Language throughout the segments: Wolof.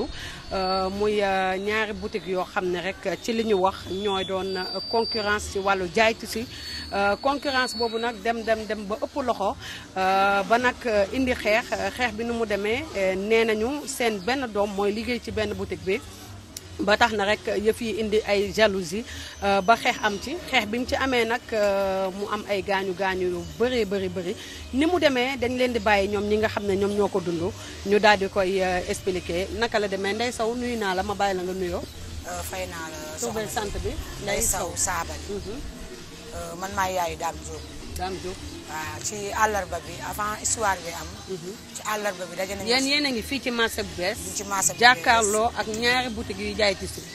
Euh, muy euh, ñaari boutique yoo xam ne rek ci li ñu wax ñooy doon concurrence ci wàllu jaaytu si euh, concurrence boobu nag dem dem dem ba ëpp loxo ba nag indi xeex xeex bi nu mu demee nee nañu seen benn doom mooy liggéey ci benn boutique bi ba tax na rek yëf yi indi ay jalousie euh, ba xeex am ci xeex bi mu ci amee nag euh, mu am ay gaañu gaañu yu bëree bëri bëri ni mu demee dañ leen di bàyyi ñoom ñi nga xam ne ñoom ñoo ko dundu ñu daal di koy euh, expliquer naka la demee Ndeye saw nuyu naa la ma bàyyi la nga nuyoo. fay naa la sant bi Ndeye Sow Saabali. Mhm. man maa yaayu Dame Diop. daam Diop waaw ci àllarba bi avant histoire bi am. Mhm. ci àllarba bi daje nañu. yéen yéen a ngi fii ci marché bu bees. ci marché jàkkaarloo ak ñaari boutique yuy jaay ci suuf.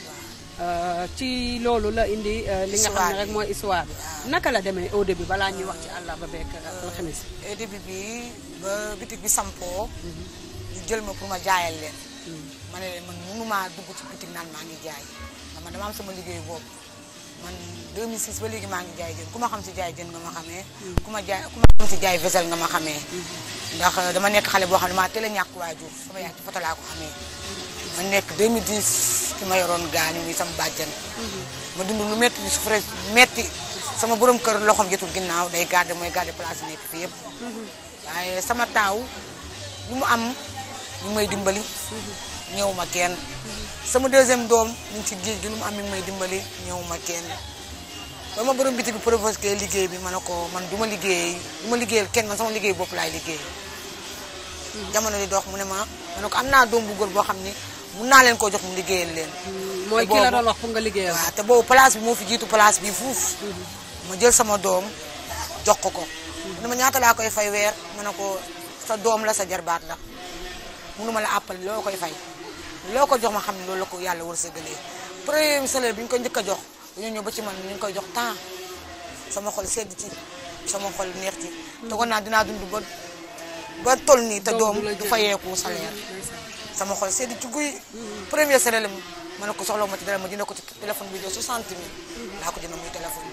Euh, ci loolu la indi euh, li nga xam ne rek mooy histoire bi naka la demee au bi balaa ñuy wax ci àllarba beeg euh, alxames au début bi ba bitig bi sampoo mhm. jël ma pour ma jaayal leen mhm. ma ne leen man mënumaa dugg ci bitig naan maa ngi jaay dama dama sama liggéey boobu man 2006 ba léegi maa ngi jaay jën ku ma xam si jaay jën nga ma xamee. Mm-hmm. ku ma jaay ku ma xam si jaay vaisselle nga ma xamee. Mm-hmm. ndax euh, dama nekk xale boo xam ne maa teel a ñàkk waajur sama yaay ci foto laa ko xamee. Mm-hmm. ma nekk 2010 ki ma yoroon gaañu muy sama bàjjan. ma dund lu métti su fekkee métti sama borom kër loxoom jotul ginnaaw day garder mooy garder place yi nekk fii yëpp. waaye sama taaw lu mu am ñu may dimbali. ñëw ma kenn. sama deuxième doom mu ci géej lu mu am mi ngi may dimbali ñëw ma kenn ba ma borom biti bi proposé liggéey bi ma ne ko man du ma liggéey du ma kenn man sama liggéey bopp liggéey jamono di dox mu ne ma ma ne am naa doom bu góor boo xam ni mun naa leen koo jox mu liggéeyal leen. Mm, mooy ki la wax pour nga liggéeyal. waaw te boobu place moo fi jiitu place bi fuuf. Mm-hmm. ma jël sama doom jox ko ko. Mm-hmm. mu ñaata laa koy fay weer ma ne ko sa doom la sa jarbaat la ma la àppal loo koy fay. loo ko jox ma xam ne loolu la ko yàlla war a séddalee premier salaire bi ñu ko njëkk a jox dañoo ñëw ba ci man ñu koy jox temps sama xol sedd ci sama xol neex ci. te kon naa dinaa dund ba ba toll nii. te doom du fayeeku salaire sama xol sedd ci guy. Mm-hmm. premier salaire la ma ne ko soxla ma ci dara ma dina ko ci téléphone bi de 60 000. laa ko jënd muy téléphone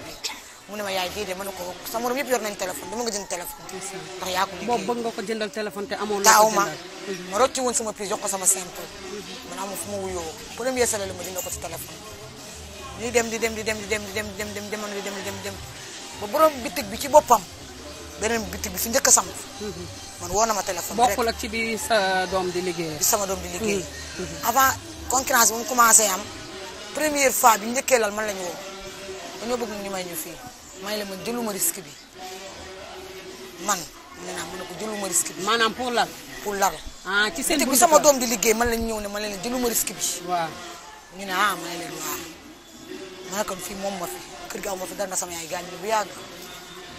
mu ne ma yaay déedéet ma ne ko sa morom yëpp yor nañ téléphone dama nga jënd téléphone ndax yaa ko liggéey boobu bëgg nga ko jëndal taaw ma ma rocci woon sama prise jox ko sama simple mm-hmm. man amoo fu ma wuyoo premier sala la ma jënd ko si téléphone dem di dem di dem di dem di dem di dem di dem dem di dem dem ba borom bitig bi ci boppam beneen bitig bi fi njëkk a samp mm-hmm. man woo na ma téléphone bokkul ak ci bi sa doom di liggéey sama doom di liggéey mm-hmm. avant concurrence bi mu commencé am première fois bi njëkkee lal man la woo dañoo bëgg mu ñu may ñu fii may la ma jëluma risque bi man nee naa ko jëluma risque bi. maanaam pour lal. pour lal. ah ci seen bu sama doom di liggéey man lañ ñëw ne ma leen jëluma risque bi. waaw ñu ne ah may leen waaw. ma fii moom ma fi kër gi aw ma sama yaay gaañ bu yàgg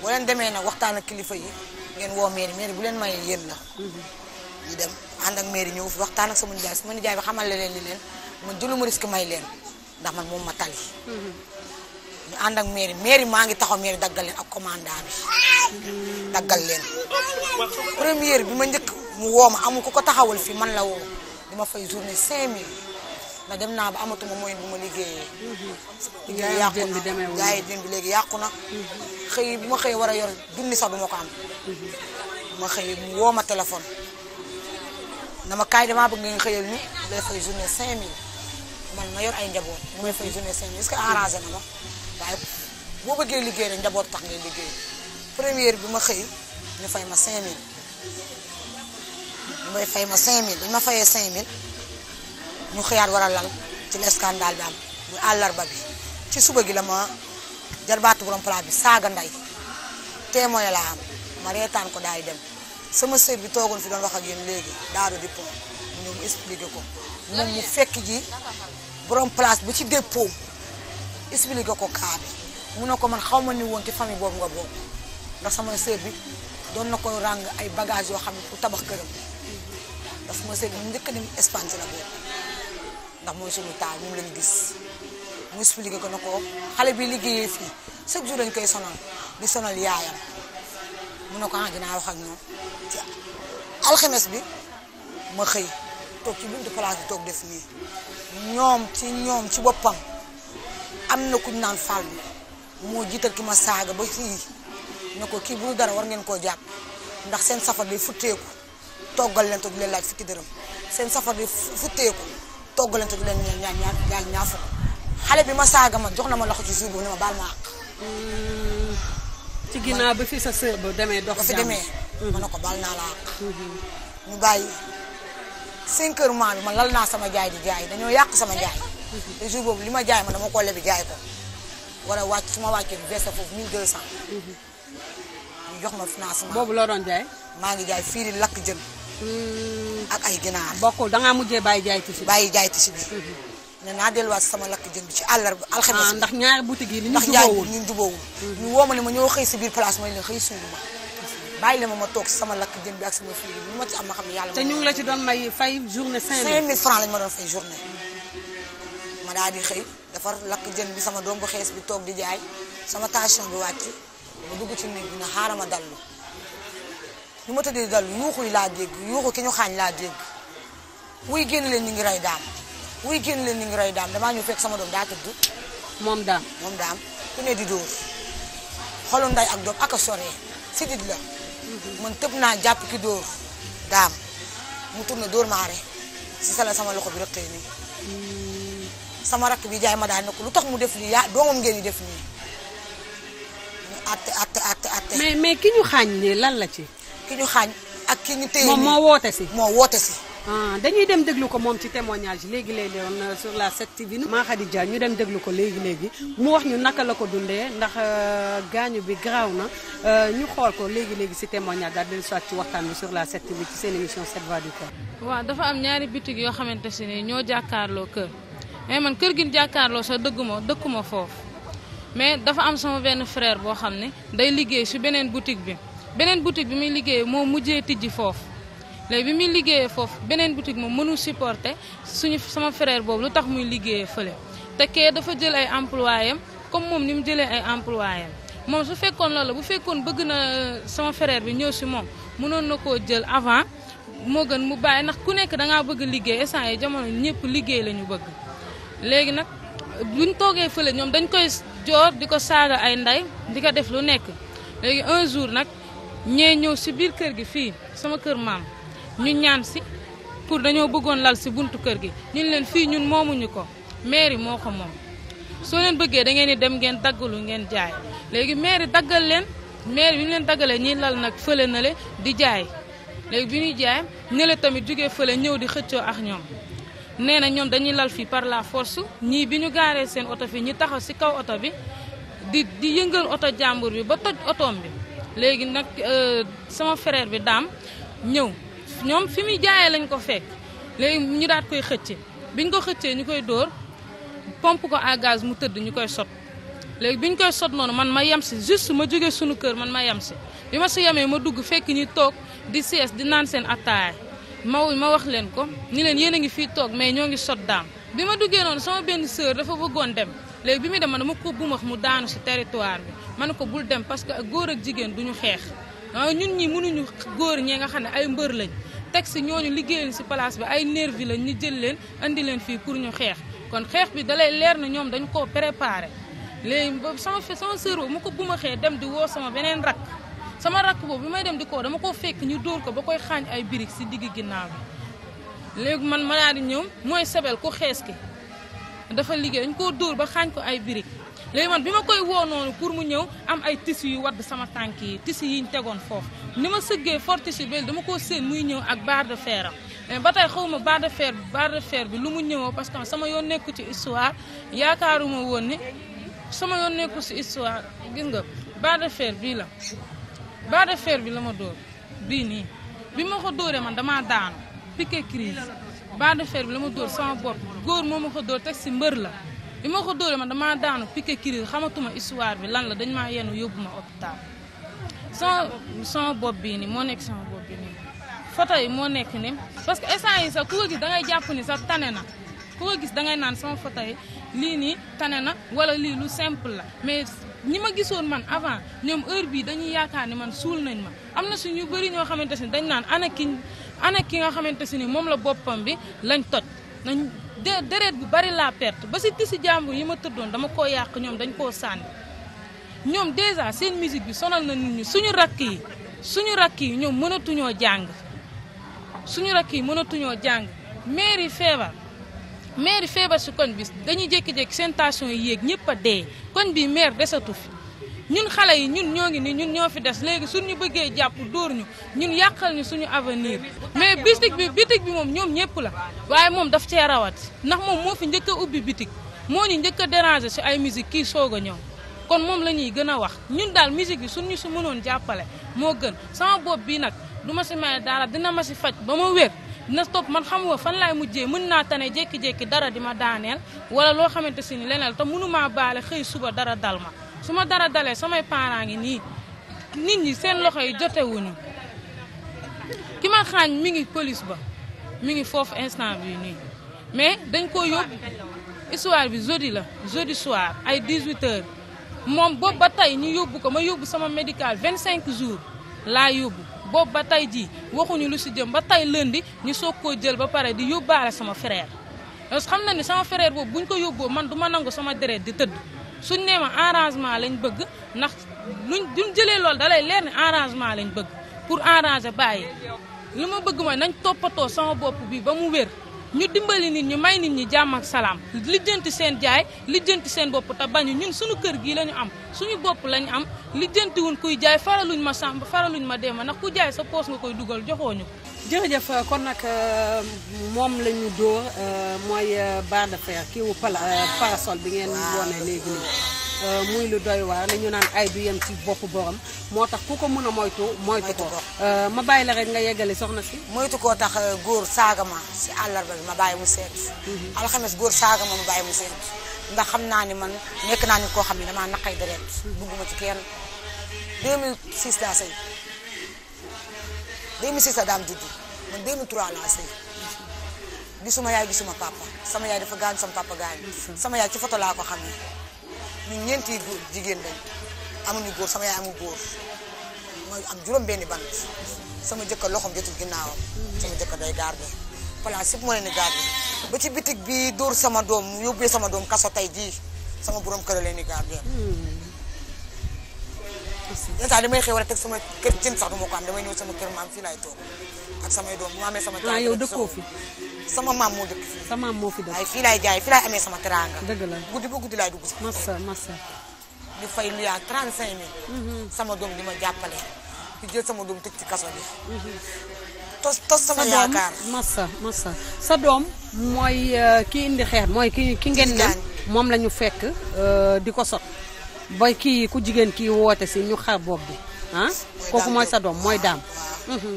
boo leen demee nag waxtaan ak kilifa yi ngeen woo mairie mairie bu leen mayee yéen la. Mhm. ñu dem ànd ak mairie ñëw fi waxtaan ak sama nijaay sama nijaay bi xamal leen ni leen man jëluma risque may leen ndax man moom ma tali. Mhm. ñu ànd ak mairie mairie maa ngi taxaw mairie daggal ak commandant bi daggal leen première bi ma njëkk mu woo ma amul ku ko taxawal fii man la woo dama fay journée cinq mille na dem naa ba amatuma moyen bu ma liggéeyee. liggéey yàqu na jaay jën léegi yàqu na. bu ma xëy war a yor junni sax du ma ko am. xëy mu téléphone. na ma kaay damaa ni lay fay journée 5000 man ma yor ay njaboot mu may fay journée 5000 est-ce que arrangé na ma. waaye boo bëggee liggéey rek njaboot tax ngay liggéey première bi ma xëy ñu fay ma 5000 ñu ma 5000 bi ñu ma fayee 5000 ñu xëyaat war a lal ci la scandale àllarba bi ci suba gi bi saaga nday laa am ma daay dem sama sër bi toogoon fi doon wax léegi daadu di pont mu ñëw ko moom mu fekk ji borom place bu ci dépôt expliqué ko cas bi mu ne ko man xaw ma ni woon ci famille boobu nga bokk ndax sama sœur bi doon na ko ràng ay bagages yoo xam ne pour tabax këram ndax sama sœur bi mu njëkk dem mooy suñu taal moom lañ gis mu expliqué ko na ko xale bi liggéeyee fii chaque jour dañ koy sonal di sonal yaayam mu na ko ah dinaa wax ak ñoom ci alxames bi ma xëy toog ci buntu place bi toog def nii ñoom ci ñoom ci boppam. am na kuñ naan fàllu moo jiital ki ma saaga ba fii ne ko kii bu dara war ngeen koo jàpp ndax seen safar day futteeku toggal leen te du leen laaj fukki dërëm seen safar day futteeku toggal leen te du leen ñaar ñaa ñaar xale bi ma saaga ma jox na ma loxo ci suuf bu ne ma baal ma àq. ci ginnaaw ba fi sa sœur demee dox. ba demee. Mhm. ma ko baal naa la àq. ñu mhm. bàyyi cinq heures maa bi ma lal naa sama jaay di jaay dañoo yàq sama jaay. te jour boobu li ma jaay ma dama ko lebi jaay ko war a wàcc su ma wàccee versé foofu 1200. ñu mhm. jox ma financement. boobu loo doon jaay. maa ngi jaay fiiri lakk jën. Hmm. ak ay ginaar. bokkul da ngaa mujjee bàyyi jaay tissu. bàyyi jaay tissu bi. Mhm. ne naa delluwaat sama lakk jën bi ci àllarba alxames. ah ndax ñaari boutique yi ni ñu jubóowul ndax ñaari ñu jubóowul. Mhm. ñu woo ma ne ma ñëw xëy si biir place mooy leen xëy suudu ma. bàyyi la ma ma toog si sama lakk jën bi ak sama fiiri bi lu ma ci am ma xam ne yàlla. te ñu ngi la ci doon may fay journée 5000. 5000 francs lañ ma doon fay journée. ma daal di xëy defar lakk jën bi sama doom bu xees bi toog di jaay sama tension bi wàcc ma dugg ci néeg bi na xaaral ma dallu lu ma tëddee dallu yuuxu yi laa dégg yuuxu ki ñu xaañ laa dégg wuy génn leen ñu ngi rey daam wuy génn leen ñu ngi rey daam damaa ñu fekk sama doom daa tëdd moom daam moom daam ku ne di dóor xolu nday ak doom ak a soree sidit la man tëb naa jàpp ki dóor daam mu tourné dóor maare si sala sama loxo bi rëqee nii sama rakk bi jaay ma daal ne ko lu tax mu def lii yaa doomam ngeen di def nii ñu mais ki ñu xaañ nii lan la ci. ki ñu xaañ ak ki ñu téye. moom moo woote si moo woote si. Ah, dañuy dem déglu ko moom ci témoignage léegi lay doon euh, sur la 7TV. maa Khadija ñu dem déglu ko léegi léegi mu wax ñu naka la ko dundee ndax euh, gaañu bi garaaw na euh, ñu xool ko léegi léegi si témoignage daal di soit ci waxtaan bi sur la 7TV ci seen émission 7 voix du cœur. waaw dafa am ñaari bitig yoo mais eh, man kër gi jàkkaarloo sa dëgguma dëkkuma foofu mais dafa am sama benn frère boo xam ne day liggéey si beneen boutique bi beneen boutique bi muy liggéey moom mujjee tijji foofu léegi bi muy liggéeyee foofu beneen boutique moom mënul supporter suñu sama frère boobu lu tax muy liggéeyee fële te kee dafa jël ay employé am comme moom ni mu jëlee ay employé moom su fekkoon loolu bu fekkoon bëgg na euh, sama frère bi ñëw si moom mënoon na koo jël avant moo gën mu bàyyi ndax ku nekk dangaa bëgg liggéey instant yi jamono ñëpp liggéey la ñu bëgg léegi nag buñ toogee fële ñoom dañ koy joor di ko saaga ay ndey di ko def lu nekk léegi un jour nag ñee ñëw si biir kër gi fii sama kër maam ñu ñaan si pour dañoo bëggoon lal si buntu kër gi ñun leen fii ñun moomuñu ko mairie moo ko moom soo leen bëggee dangeen di dem ngeen daggalu ngeen jaay léegi mairie daggal leen mairie bi ñu leen daggalee ñiy lal nag fële nale di jaay léegi bi ñuy jaay ne le tamit jógee fële ñëw di xëccoo ak ñoom nee na ñoom dañuy lal fii par la force ñii bi ñu gaaree seen oto fii ñu taxaw si kaw oto bi di di yëngal oto jàmbur bi ba toj otoom bi léegi nag euh, sama fereer bi daam ñëw ñoom fi muy jaayee lañ ko fekk léegi ñu daat koy xëcce biñ ko xëccee ñu koy dóor pompe ko à mu tëdd ñu koy sot léegi biñ koy sot noonu man ma yem si juste ma jógee sunu kër man ma yem si bi ma si yemee ma dugg fekk ñi toog di sees di naan seen attaaya maw ma wax leen ko ni leen yéen a ngi fii toog mais ñoo ngi sot daam bi ma duggee noonu sama benn sœur dafa bëggoon dem léegi bi muy dem ma dama ko bumax mu daanu si territoire bi ma dem parce que góor ak jigéen duñu xeex waaw ah, ñun ñi mënuñu góor ñee nga xam ne ay mbër lañ teg si ñooñu liggéeyal si place bi ay nervi lañ ñu jël leen andi leen fii pour ñu xeex kon xeex bi dalay leer na ñoom dañu koo préparé léegi sama sama sœur mu ko bumaxee dem di woo sama beneen rakk sama rakk boobu bi may dem di ko dama koo fekk ñu dóor ko ba koy xaañ ay birig si digg ginnaaw bi léegi man ma di ñëw mooy sebel ku xees ki dafa liggéey dañ koo dóor ba xaañ ko ay birig léegi man bi ma koy woo noonu pour mu ñëw am ay tissu yu wadd sama tànk yi tissu yi ñu tegoon foofu ni ma sëggee fort tissu dama koo séen muy ñëw ak barre de fer mais ba tey xawma ma de fer bi barre de fer bi lu mu ñëwoo parce que sama yoon nekku ci histoire yaakaaruma woon ni sama yoon nekku ci histoire gis nga barre bii la ba de bi la ma dóor bii nii bi ma ko dóoree man damaa daanu piqué crise ba de fer bi la ma dóor sama bopp góor moo ma ko dóor teg si mbër la bi ma ko dóoree man damaa daanu piqué crise xamatuma histoire bi lan la dañ maa yenu yóbbu ma hôpital sama sama bopp bii nii moo nekk sama bopp bi nii photo yi moo nekk ni parce que instant yi sax ku ko gis da jàpp ni sax tane na ku gis da ngay naan sama photo yi lii nii tane na wala lii lu simple la mais ñi ma gisoon man avant ñoom heure bii dañuy yaakaar ne man suul nañ ma am na suñu bëri ñoo xamante ni dañ naan ana ki ki nga xamante ne moom la boppam bi lañ toj nañ déret bu bari laa perte ba si si jàmbur yi ma tëddoon dama koo yàq ñoom dañ koo sànni ñoom déjà seen musique bi sonal na nit ñi suñu rakk yi suñu rakk yi ñoom mënatuñoo jàng suñu rakk yi mënatuñoo jàng mairie feebar maire feebar si koñ bi dañuy jékki-jékki seen tension yi yéeg ñëpp a dee koñ bi maire desatu fi ñun xale yi ñun ñoo ngi ni ñun ñoo fi des léegi suñu bëggee jàpp dóor ñu ñun yàqal ñu suñu avenir mais bitig bi bitig bi moom ñoom ñëpp la waaye moom daf cee rawat ndax moom moo njëkk a moo ñu njëkk a déranger si ay musique kii soog a ñëw kon moom la ñuy gën a wax ñun daal musique bi suñu si mënoon jàppale moo gën sama bopp bi nag du ma si may dara dina ma si faj ba ma wér dina stop man xam nga fan laay mujjee mën naa tane jékki-jékki dara di ma daaneel wala loo xamante si ni leneen te mënumaa baale xëy suba dara dal ma su ma dara dalee samay parents ngi nii nit ñi seen loxo yi jotewuñu ki ma xaañ mi ngi police ba mi ngi foofu instant bi nii mais dañ ko yóbbu histoire bi jeudi la jeudi soir ay 18 heures moom boobu ba tey ñu yóbbu ko ma yóbbu sama médical cinq jours laa yóbbu boobu ba tey jii waxuñu lu si jëm ba tey lundi ñu soog koo jël ba pare di yóbbaale sama frère. parce que xam na ni sama frère boobu buñ ko yóbboo man du ma nangu sama deret di tëdd suñ nee ma arrangement lañ bëgg ndax luñ duñ jëlee lool da lay leer ni arrangement lañ bëgg pour arranger bàyyi li ma bëgg mooy nañ toppatoo sama bopp bi ba mu wér. ñu dimbali nit ñi may nit ñi jàmm ak salaam lijjanti seen jaay lijjanti seen bopp te bañu ñun suñu kër gii lañu am suñu bopp la ñu am lijjantiwuñ kuy jaay faraluñ ma sàmb faraluñ ma deema nag ku jaay sa poos nga koy dugal joxooñu ko jërëjëf kon nag euh, moom la ñu dóor euh, mooy euh, barre de fer kiiwu parasol bi ngeen wone léegi nii Euh, muy lu doy waar lañu naan ay bi yem ci bopp borom moo tax ku ko mën a moytu moytu ko euh, ma bàyyi la rek nga yeggale soxna si moytu koo tax euh, góor ma si àllarba bi ma bàyyi mu seet mhm. alxames góor saagama ma bàyyi mu seet ndax xam naa ni man nekk naa nit koo xam ne damaa naqay deret mhm. bugguma ci kenn 2006 laa sëy 2006 la daam juddu man 2003 laa sëy gisuma yaay gisuma papa sama yaay dafa gaañ sama papa gaañ mhm. sama yaay ci photo laa ko xam ne ñun ñeenti góor jigéen lañ amuñu góor sama yaay amul góor mooy am juróom benni bant sama jëkkër loxoom jotul ginnaawam sama jëkkër day garde place yëpp moo leen di ba ci bitig bi dóor sama doom mu yóbbee sama doom kaso tey jii sama borom kër leen di garde hmm. saa damay xew rek teg sama kër cin sax du ma samay doom bu ma amee sama ah, teraanga yow dëkkoo sama maam moo dëkk fii sa maam moo fi dëkk ay fii laay jaay fii laay amee sama teraanga dëgg la guddi ba guddi laay dugg si massa massa di fay mhm. sama doom di ma jàppale di sama doom tëj ci kaso mhm. tos tos sama yaakaar massa massa sa doom mooy euh, ki indi xeex mooy ki ki ngeen ne moom lañu fekk euh, di ko sot ba kii ku jigéen kii woote si ñu xar bopp bi ah kooku mooy sa doom mooy daam mhm.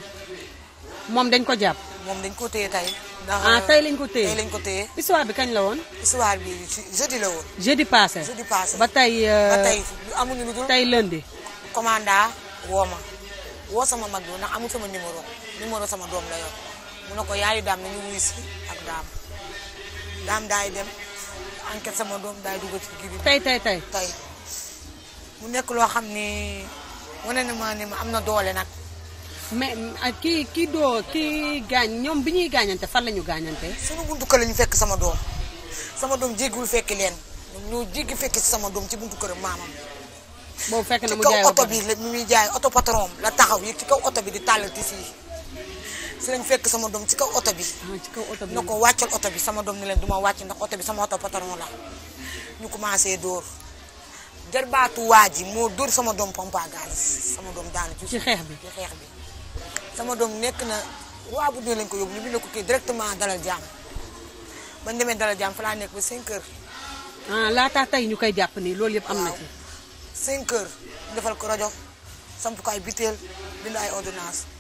moom dañ ko jàpp moom dañ ko téye tey ndax ah tey lañ ko téye tey lañ ko téye bi kañ la woon histoire bi jeudi la woon jeudi passé ba tey euh, ba tey amuñu lu dul tey lundi commanda woo ma woo sama mag bi ndax amul sama numéro numéro sama doom la ko yaayu daam nañu wuyu si ak daam daam daay dem enquête sama doom daay dugg ci kii bi tey tey tey tey mu nekk loo xam ni wane na maa ne ma am na doole nag. mais ah, kii kii doo kii gaañ ñoom bi ñuy gaañante fan la ñu gaañante. sunu buntu kër la ñu fekk sama doom sama doom jéggiwul fekk leen ñoo jéggi fekk sama doom ci buntu kër maamam. boobu fekk na mu jaay ci kaw oto jaay oto patron la taxaw yi ci kaw oto bi di tàllal tisi yi si fekk sama doom ci kaw oto bi. Ah, ci kaw oto bi na ko wàccal oto bi sama doom ni leen du ma wàcc ndax oto bi sama oto patron la ñu commencé dóor. jarbaatu waa ji moo dóor sama doom pompa gaalis sama doom daanu ci xeex bi xeex bi sama doom nekk na waa bu dee lañ ko yóbbu ñu bind ko kii directement dalal jàmm ba ñu demee dalal jàmm fa laa nekk ba 5 heures. ah laataa ñu koy jàpp nii loolu yëpp am na ci. 5 heures defal ko rajo samp ko ay biteel bind ay ordonnance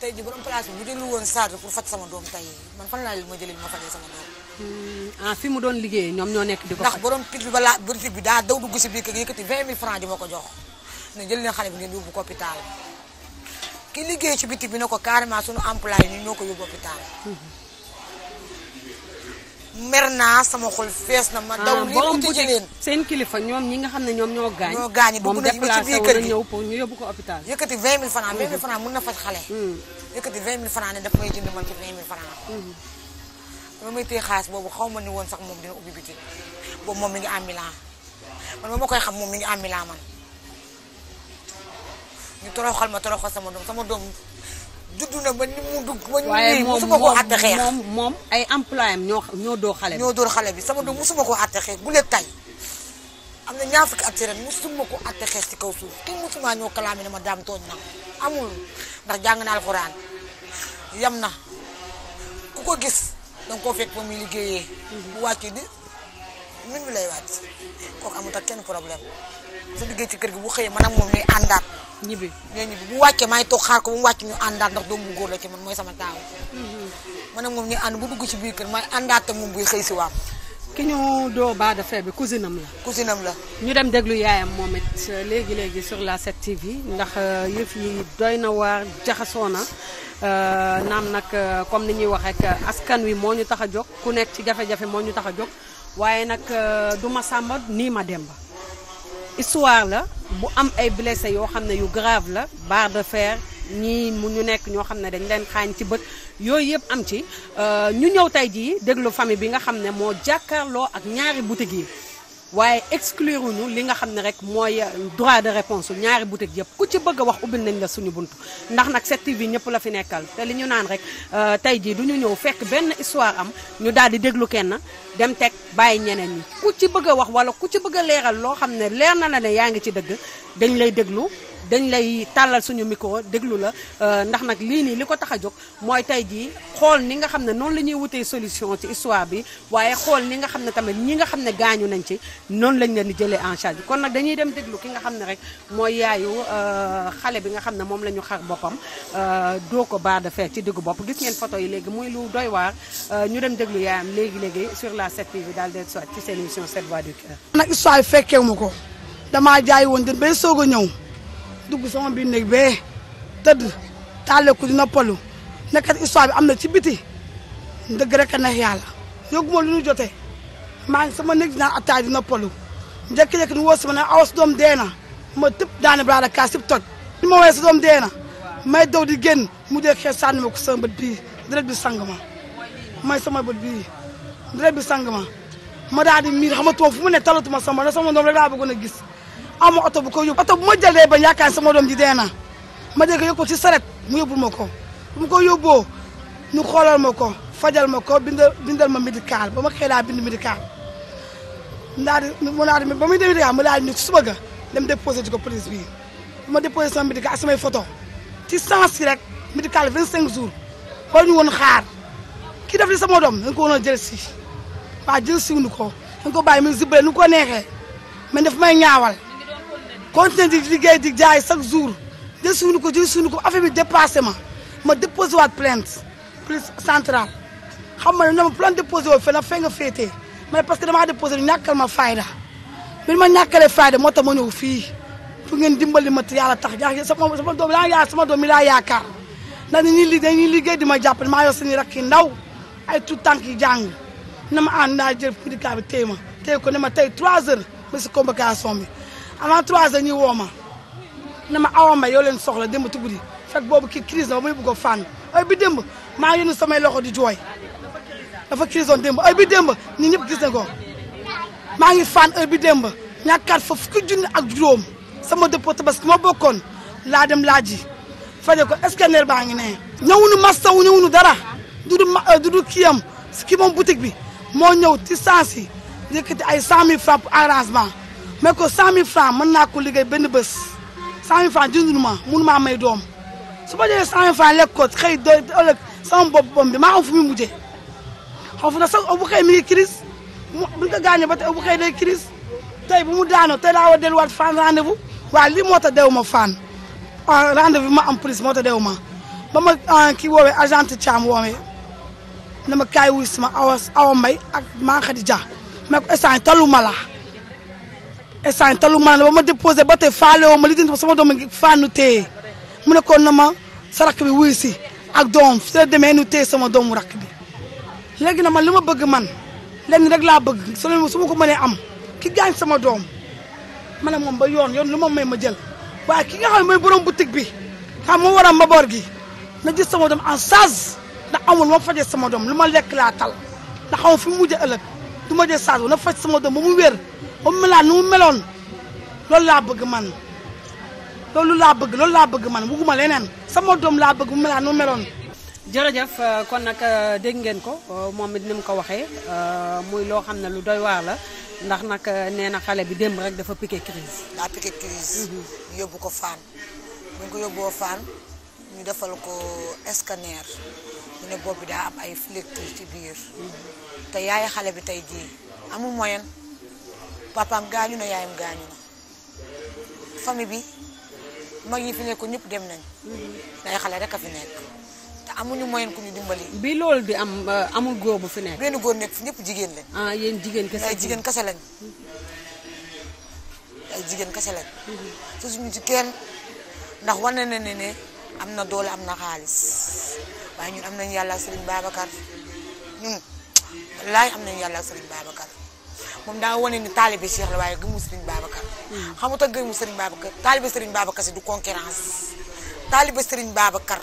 tey ji borom place bi bu jëlul woon charge pour faj sama doom tey man fan laa leen ma jëlee ma fajee sama doom. Hmm, ah fi mu doon liggéeyee ñoom ñoo nekk di ko. ndax borom pit bi balaa boutique bi daa daw dugg si biir kër yëkkati 20 000 francs di ko jox ne jël leen xale bi ngeen yóbbu ko hôpital ki liggéey ci bitik bi ne ko carrément sunu employé ñun ñoo ko yóbbu hôpital. Hmm. mer naa sama xol fees na ma. daw lii ah, uti ji leen seen kilifa ñoom ñi nga xam ne ñoom ñoo gaañ. ñoo gaañ dugg nañu ba ci biir kër gi ñëw pour ñu yóbbu ko hôpital. yëkkati na faj xale. Hmm. yëkkati 20 000 francs ne daf may jënd man ci 20 hmm. may téye xaalis boobu xaw ma ni woon sax moom dina ubbi biti boobu moom mi ngi am Milan man ba ma koy xam moom mi ngi am Milan man ñu toroxal ma toroxal sama doom sama doom. juddu na ba ni mu dugg ba ni mu musuma ko àtte xeex moom moom ay employé am ñoo ñoo dóor xale bi. ñoo dóor xale bi sama doom musuma ko àtte xeex bu leen tay am na ñaar fukki at si ren musuma ko àtte xeex si kaw suuf kii musuma ñoo kalaame ne ma daam tooñ na amul ndax jàng na alxuraan yam na ku ko gis danga koo fekk ba muy liggéeyee. bu wàccee di min bi lay wàcc kooku amut ak kenn problème sa liggéey ci kër gi bu xëyee man ak moom ñuy àndaat. ñibbi ñooy ñibbi bu wàccee maay toog xaar ko bu mu wàcc ñu àndaat ndax doom bu góor la ci man mooy sama taaw mm-hmm. ma ne moom ñu ànd bu dugg ci biir kër maay àndaat ak moom buy xëy si waam ki ñu doo baa de bi cousine am la. cousine am la. ñu dem déglu yaayam moom it léegi léegi sur la 7 TV ndax euh, yëf yi doy na waar jaxasoo na euh, naam nag euh, comme ni ñuy wax rek askan wi moo ñu tax a jog ku nekk ci jafe-jafe moo ñu tax a jog waaye nag du ma sàmba nii ma demba histoire la. bu am ay blessé yoo xam ne yu grave la barre de fer ñii mu ñu nekk ñoo xam ne dañ leen xaañ ci bët yooyu yëpp am ci euh, ñu ñëw tey jii déglu famille bi nga xam ne moo jàkkarloo ak ñaari boutique yi waaye exclure ñu li nga xam ne rek mooy euh, droit de réponse ñaari boutique yëpp ku ci bëgg wax ubbil nañ la suñu bunt ndax nag 7 bi ñëpp la fi nekkal te li ñu naan rek euh, tey jii du ñu ñëw fekk benn histoire am ñu daal di déglu kenn dem teg bàyyi ñeneen ñi ku ci bëgg wax wala ku ci bëgg a leeral loo xam ne leer na la ne yaa ngi ci dëgg dañ lay déglu dañ lay tàllal suñu micro déglu la euh, ndax nag lii nii li ko tax a jóg mooy tey jii xool ni nga xam ne noonu la ñuy wutee solution ci histoire bi waaye xool ni nga xam ne tamit ñi nga xam ne gaañu nañ ci noonu lañ leen di jëlee en charge kon nag dañuy dem déglu ki nga xam ne rek mooy yaayu euh, xale bi nga xam ne moom la ñu xar boppam euh, doo ko baar de fer ci diggu bopp gis ngeen photo yi léegi muy lu doy waar ñu dem déglu yaayam léegi-léegi sur la 7 bi daal de soit ci seen émission 7 voix du cœur nag histoire fekkee ma ko damaa jaay woon den bay soog a ñëw dugg sama biir néeg bee tëdd taaleku di noppalu nekkat histoire bi am na ci biti dëgg rek a neex yàlla yëguma lu ñu jotee maa ngi sama néeg di naan attaay di noppalu njëkk-njëkk nu woo sama ne awa sa doom dee ma tëb daane bra kaa sib toj ñu na may daw di génn mu dee xee sànni ma ko sama bët bii deret bi sang ma may sama bët bii deret bi sang ma ma daal di miir xamatuma fu mu ne talatuma sama ne sama doom rek laa bëggoon a gis aw ma oto bu ko yóbbu oto bu ma jëlee ba yaakaar sama doom ji dee na ma jël ko yóbbu ko ci saret mu yóbbul ma ko bu mu ko yóbboo nu xoolal ma ko fajal ma ko bindal bindal ma médical ba ma xëy laa bind médical di mu naa di ba muy dem médical mu laa di ni suba ga dem déposé ci ko police bi bu ma déposé sama médical ak samay photo ci sens yi rek médical cinq jours war ñu woon xaar kii def li sama doom dañ ko woon a jël si waaw jël si wuñu ko dañ ko bàyyi mu zibbale nu ko neexee mais daf may ñaawal continuer di liggéey di jaay chaque jour jël suñu ko jël suñu ko affaire bi dépassé ma ma déposé waat plainte police centrale xam ma ne dama plainte déposé woo fenn fee nga féetee ma ne parce que damaa déposé ñàkkal ma fayda bi ma ñàkkalee fayda moo tax ma ñëw fii fu ngeen dimbali ma te yàlla tax jaa sama sama doom laa yaa sama doom mi laa yaakaar ndax ni ñuy li dañuy liggéey di ma jàppale maa yor seeni rakk yi ndaw ay tout tànk yi jàng na ma ànd naa jël syndicat bi téye ma téye ko ne ma tey trois heures ba si convocation bi avant trois heures ñuy woo ma ne ma Awa Mbaye yow leen soxla démb ci guddi fekk boobu kii crise na ba muy bëgg a fànn ay bi démb maa yónni samay loxo di jooy dafa crise oon démb ay bi démb ñi ñëpp gis na ko maa ngi fànn ay bi démb ñàkkaat fa fukki ak juróom sama dëppoo tabaski ma bokkoon laa dem laaj ji faje ko scanner baa ngi ne ñëwunu mastawu ñëwunu dara du du ma euh, du du kiyam si kii bi moo ñëw ci sens yi yëkkati ay cent mille francs mais que 100000 francs mën naa ko liggéey benn bés 100000 francs jënduñu ma maa may doom su ma jëlee 100000 francs lekk ko xëy doy ëllëg sama bopp bom bi maa xam fu muy mujjee sax bu xëy mi ngi mu bu ñu ko gaañee bu mu daanoo tey daa war a delluwaat fan rendez-vous waaye lii moo tax dew ma fan rendez-vous ma am police moo tax dew ma ba ma kii woowee agent Thiam woowee na ma kaay wuy sama awa awa mbay ak maa Khadija mais ko instant tallu ma la instant talu ma ne ba ma déposé ba te faale woo ma li dindi sama doom a ngi faanu téye mu ne kon na ma sa rakk bi wuyu si ak doom su la demee nu téye sama doomu rakk bi léegi na man li ma bëgg man lenn rek laa bëgg su ma ko mënee am ki gaañ sama doom ma ne moom ba yoon yoon lu ma may ma jël waaye ki nga xam ne mooy borom boutique bi xam moo war a mbaboor gi na gis sama doom um, en charge ndax amul um. ma faje sama doom lu ma lekk laa tal ndax xaw fi mu mujjee ëllëg du ma jël charge na faj sama doom um, ba mu wér Oumou Melane nu mu meloon loolu laa bëgg man loolu laa bëgg loolu laa bëgg man bëgguma leneen sama doom laa bëgg mu Melane nu meloon. jërëjëf euh, kon nag euh, dégg ngeen ko euh, moom it ni ko waxee muy loo xam ne lu doy waar la ndax nag nee na xale bi démb rek dafa piqué crise. daa piqué crise. Mhm. yóbbu ko Fann bu ko yóbboo Fann ñu defal ko scanner ñu ne boobu daa am ay flectures ci biir mhm. te yaay xale bi tey jii amul moyen. papaam gaañu na yaayam gaañu na famille bi mag yi fi nekkoon ñëpp dem nañ day mhm. xale rek a fi nekk te amuñu moyen ku ñu dimbali. bi loolu di am euh, amul góor bu fi nekk. benn góor nekk fi ñëpp jigéen lañ. ah yéen jigéen kese ay jigéen kese lañ ay jigéen kese lañ. Mhm. ndax war na ne ne am na doole am na xaalis waaye ñun am nañ yàlla ak Serigne Babacar ñun am nañ yàlla ak Serigne Babacar. moom daa wane ni taalibe Cheikh la waaye gëmul Serigne Babacar. Hmm. xamut ak gëmul Serigne Babacar taalibe Serigne Babacar si du concurrence taalibe Serigne Babacar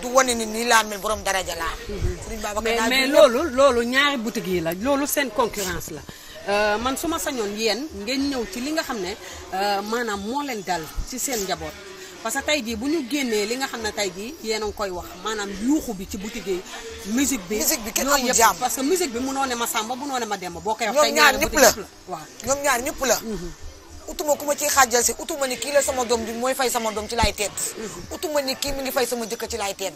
du wane ni nii laa mel borom daraja laa. Hmm. Serigne Babacar daal mais loolu loolu ñaari boutique yi la loolu seen concurrence la. Euh, man su ma sañoon yéen ngeen ñëw ci li nga xam ne euh, maanaam moo leen daal ci seen njaboot. parce que tey jii bu ñu génnee li nga xam ne tey jii yéen a koy wax maanaam yuuxu bi ci boutique yi bi musique bi kenn amul jàmm parce que musique bi munoo ne ma Samba munoo ne ma Demba boo koy wax tey ñaar ñëpp la waaw ñoom ñaar mhm. sama doom bi mooy fay sama mhm. mhm.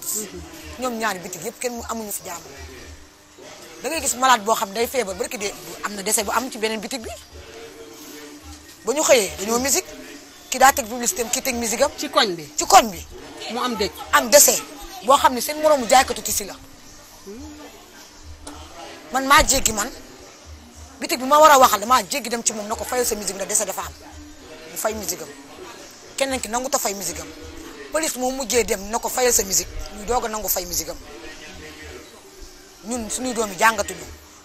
ñoom ñaar bitig yëpp kenn mu amuñu si jàmm da ngay gis malaat boo xam ne day feebar barki de am na dese bu am ci beneen bitig bi ba ñu xëyee dañoo musique ki daa teg publicité am ki teg musique ci koñ bi ci koñ bi. mu am dëj am dese boo xam ne seen moroomu jaaykatu tisi la man maa jéggi man bitig bi ma war a waxal damaa jéggi dem ci moom na ko fayal sa musique na dese dafa am mu fay musique am ki nangu ta fay musique am police moom mujjee dem na ko fayal sa ñu doog a nangu fay musique am ñun suñuy doomi jàngatuñu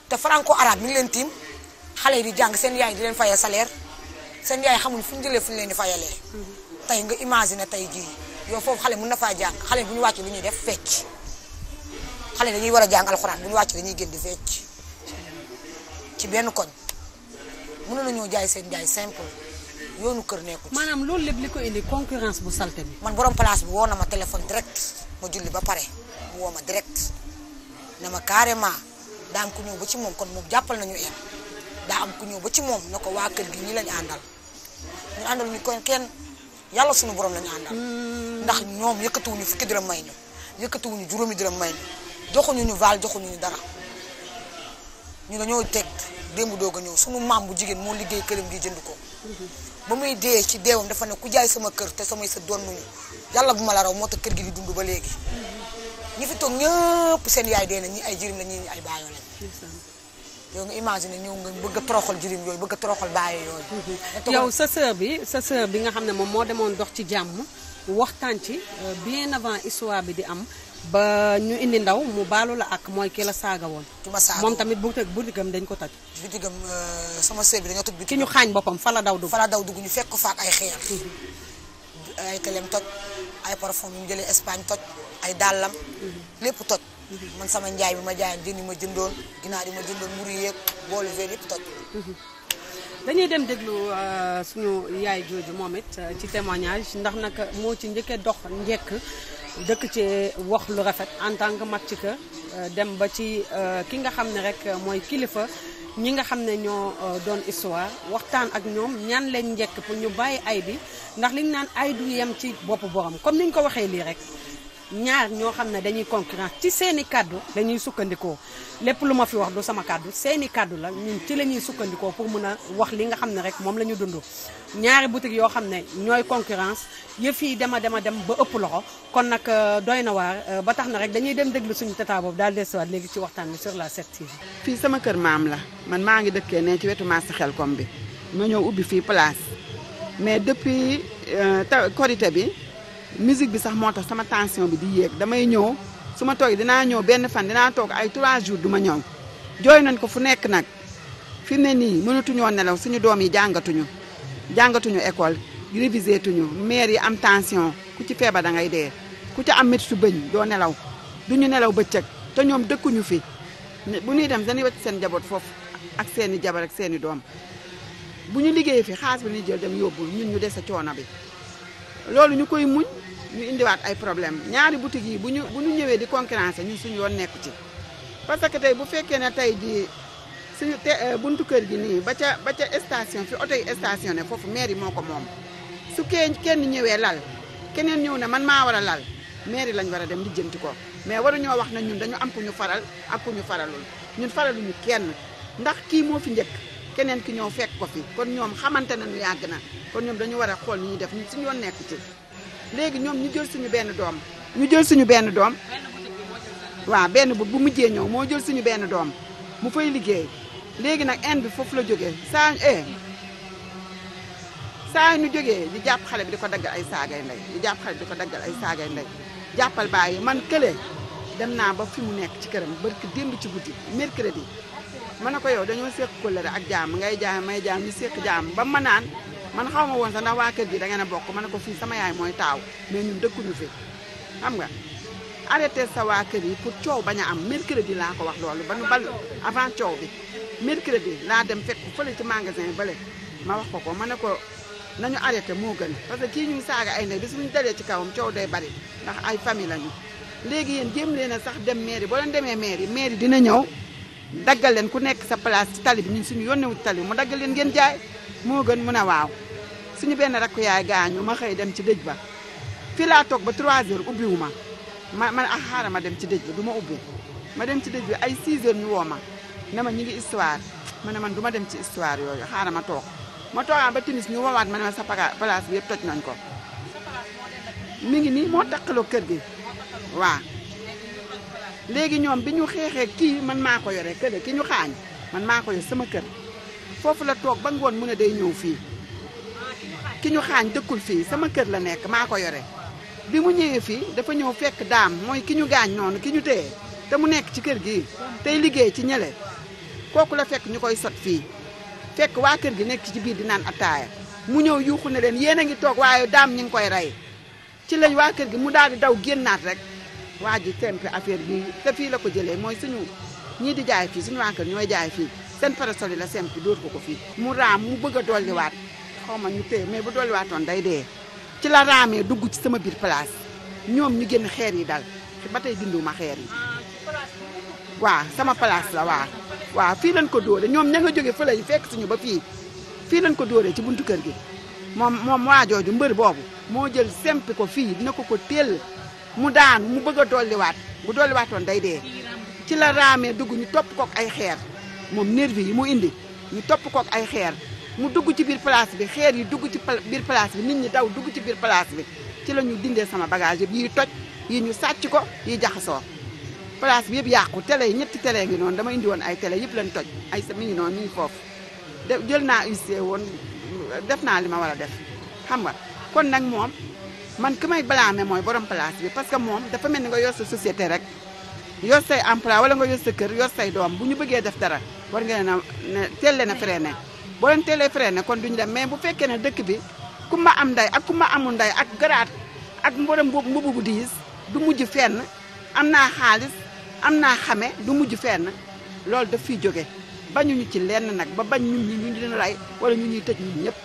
te franco arabe mi ngi leen tiim xale yi di jàng seen yaay di leen fayal salaire. seen yaay xamuñ fu ñu jëlee fu leen di fayalee tey nga na tey jii yow foofu xale mën na faa jàng xale bu ñu wàcc lu ñuy def fecc xale dañuy war a jàng alxuraan bu ñu wàcc dañuy gën di fecc ci benn koñ mën nañoo jaay seen jaay simple yoonu kër nekkul maanaam loolu lépp li ko indi concurrence bu salte bi man borom place bi woo na ma téléphone direct ma julli ba pare mu woo ma direct na ma carrément daa am ku ñëw ba ci moom kon moom jàppal nañu en daa am ku ñëw ba ci moom na ko waa kër gi ñi lañ àndal ñu àndal ñu koy kenn yàlla suñu borom la ànd àndal hmm. ndax ñoom yëkkatiwuñu fukki dërëm may ñu yëkkatiwuñu juróomi dërëm may ñu joxuñu ñu vaal joxuñu ñu dara ñu dañoo teg démb doog a ñëw suñu maam bu jigéen moo liggéey këram gi jënd ko hmm. ba muy dee ci deewam dafa ne ku jaay sama kër te samay sa donnuñu yàlla bu ma la raw moo tax kër gi di dund ba léegi hmm. ñu fi toog ñëpp seen yaay dee na ñi ay jirim la ñi ay baayoo yow nga imaginer ñëw nga bëgg a toroxal jirim yooyu bëgg a toroxal bàyyi yooyu. Mhm. yow sa sœur bi sa sœur bi nga xam ne moom moo demoon dox ci jàmm waxtaan ci euh, bien avant histoire bi di am ba ñu indi ndaw mu baalu la ak mooy ki la saaga woon. moom tamit bu teg butigam dañ ko toj. butigam euh, sama sœur bi dañoo toj butigam. ki ñu xaañ boppam fa daw dugg. fa la daw dugg ñu fekk ko fa ak ay xeer. Mhm. ay këlem toj ay parfum yu mu jëlee Espagne toj ay dàllam. Mhm. lépp toj. Mhm. man sama njaay bi ma jaayoon jën yi ma jëndoon ginaar yi ma jëndoon mburu yeeg boolu verre yëpp toj mhm. dañuy dem déglu euh, suñu yaay jooju moom it euh, ci témoignage ndax nag moo ci njëkkee dox njekk dëkk ci wax lu rafet en tant que mag ci kër euh, dem ba ci ki nga xam ne rek mooy kilifa ñi nga xam ne ñoo doon histoire waxtaan ak ñoom ñaan leen njekk pour ñu bàyyi ay bi ndax li ñu naan ay du yem ci bopp borom comme ni niñ ko waxee lii rek ñaar ñoo xam ne dañuy concurrence ci seeni kàddu dañuy sukkandikoo lépp lu ma fi wax du sama kàddu seeni kàddu la ñun ci la ñuy sukkandikoo pour mun a wax li nga xam ne rek moom la ñu dund ñaari boutique yoo xam ne ñooy concurrence yëf yi dema dema dem ba ëpp loxo kon nag euh, doy na waar euh, ba tax na rek dañuy dem déglu suñu tata boobu daal desuwaat léegi ci waxtaan bi sur la 7TV fii sama kër maam la man maa ngi dëkkee ne ci wetu marché Xelkom bi ma ñëw ubbi fii place mais depuis euh, korité bi musique bi sax moo tax sama tension bi di yéeg damay ñëw su ma toog dinaa ñëw benn fan dinaa toog ay 3 jour du ma ñëw jooy nañ ko fu nekk nag fi mu ne nii mënatuñoo nelaw suñu doom yi jàngatuñu jàngatuñu école révisé maire yi am tension ku ci feebar da ngay dee ku ci am métti su bëñ doo nelaw du ñu nelaw bëccëg te ñoom dëkkuñu fi bu ñuy dem dañuy wacc seen jaboot foofu ak seeni i jabar ak seen i doom bu ñu liggéeyee fi xaalis bi ñuy jël dem yóbbul ñu ñu dese coono bi loolu ñu indiwaat ay problème ñaari boutique yi bu ñu bu ñu ñëwee di concurrence ñun suñu yoon nekku ci parce que tey bu fekkee ne tey jii suñu te euh, buntu kër gi nii ba ca ba ca station fi oto yi stationné foofu mairie moo ko moom su kee kenn ñëwee lal keneen ñëw ne man maa war a lal mairie lañ war a dem lijjanti ko mais waruñoo wax na ñun dañu am ku ñu faral ak ku ñu faralul ñun faraluñu kenn ndax kii moo fi njëkk keneen ki ñëw fekk ko fi kon ñoom xamante nañu yàgg na kon ñoom dañu war a xool ni ñuy def ñun suñu yoon nekk ci léegi ñoom ñu jël suñu benn doom ñu jël suñu benn doom waaw benn bu bu mujjee ñëw moo jël suñu benn doom mu fay liggéey léegi nag inde bi foofu la jóge saa e saa ñu jógee di jàpp xale bi di ko daggal ay saagay ndey di xale bi di ko daggal ay saagay ndey jàppal bàyyi man kële dem naa ba fi mu nekk ci këram barki démb ci guddi mercredi ma ne ko yow dañoo séq kóllëre ak jaam ngay jaam may jaam ñu séq jaam ba ma naan man xaw ma woon sax ndax waa kër gi da ngeen bokk ma ne ko fii sama yaay mooy taaw mais ñun dëkkuñu fi xam nga arrêté sa waa kër yi pour coow bañ a am mercredi laa ko wax loolu ba nu bal avant coow bi mercredi laa dem fekk fële ci magasin bële ma wax ko ko ma ne ko nañu arrêté moo gën parce que kii ñuy saaga ay ndey bi suñu dalee ci kawam coow day bari ndax ay famille lañu léegi yéen jéem leen a sax dem mairie boo leen demee mairie mairie dina ñëw daggal leen ku nekk sa place tali bi ñun suñu yónnewu tali bi mu daggal leen ngeen jaay moo gën mun a waaw suñu benn rakk yaay gaañu ma xëy dem ci dëj ba fii laa toog ba 3 heures ubbiwu ma ma man ah xaaral ma dem ci dëj ba du ma ubbi ma dem ci dëj bi ay 6 heures ñu woo na ne ma ñi ngi histoire ma ne man du ma dem ci histoire yooyu xaaral ma toog ma toogaan ba timis ñu woowaat ma ne ma sa place bi yëpp toj nañ ko mi ngi nii moo taqaloo kër gi waaw léegi ñoom bi ñu xeexee kii man maa ko yore kër ki ñu xaañ man maa ko yore sama kër foofu la toog ba ngoon mu ne day ñëw fii ki ñu xaañ dëkkul fi sama kër la nekk maa ko yore bi mu ñëwee fii dafa ñëw fekk daam mooy ki ñu gaañ noonu ki ñu téye te mu nekk ci kër gi tey liggéey ci ñële kooku la fekk ñu koy sot fii fekk waa kër gi nekk ci biir di naan attaaya mu ñëw yuuxu ne leen yéen a ngi toog waaye daam ñi ngi koy rey ci lañ waa kër gi mu daal di daw naat rek waa ji tempe affaire bi te fii la ko jëlee mooy suñu ñii di jaay fii suñu waa kër ñooy jaay fii seen parasol yi la sempi dóor ko ko fii mu raam bëgg a dolliwaat xaw ma ñu téye mais bu dolliwaatoon day dee ci la raamee dugg ci sama biir place ñoom ñu génn xeer yi dal ba tey dinduma xeer yi waaw sama place la waa waaw fii lañ ko dóore ñoom ña a jóge fële yi fekk suñu ba fii fii lañ ko dóoree ci buntu kër gi moom moom waa jooju mbër boobu moo jël sempi ko fii dina ko ko téel mu daan mu bëgg a dolliwaat bu dolliwaatoon day dee ci la raamee dugg ñu topp kook ay xeer moom nervi yi mu indi ñu topp kook ay xeer mu dugg ci biir place bi xeer yi dugg ci biir place bi nit ñi daw dugg ci biir place bi ci la ñu dindee sama bagage yëpp yi toj yi ñu sàcc ko yi jaxasoo place bi yëpp yàqu tele yi ñetti télé ngi noonu dama indi woon ay télé yëpp lañ toj ay sa mi ngi noonu ñu foofu de jël naa huissier woon def naa li ma war a def xam nga kon nag moom man ku may blâmer mooy borom place bi parce que moom dafa mel ni nga yor sa société rek yor say emploi wala nga yor sa kër yor say doom bu ñu bëggee def dara war nga ne teel a freiné boo leen teelee freiné kon duñu dem mais bu fekkee ne dëkk bi kumba ma am nday ak kumba ma amul nday ak garaat ak mboolem boobu mbubu bu diis du mujj fenn am naa xaalis am naa xame du mujj fenn loolu daf fiy jóge bañuñu ci lenn nag ba bañ ñun ñi ñu dina rey wala ñu ñuy tëj ñun ñëpp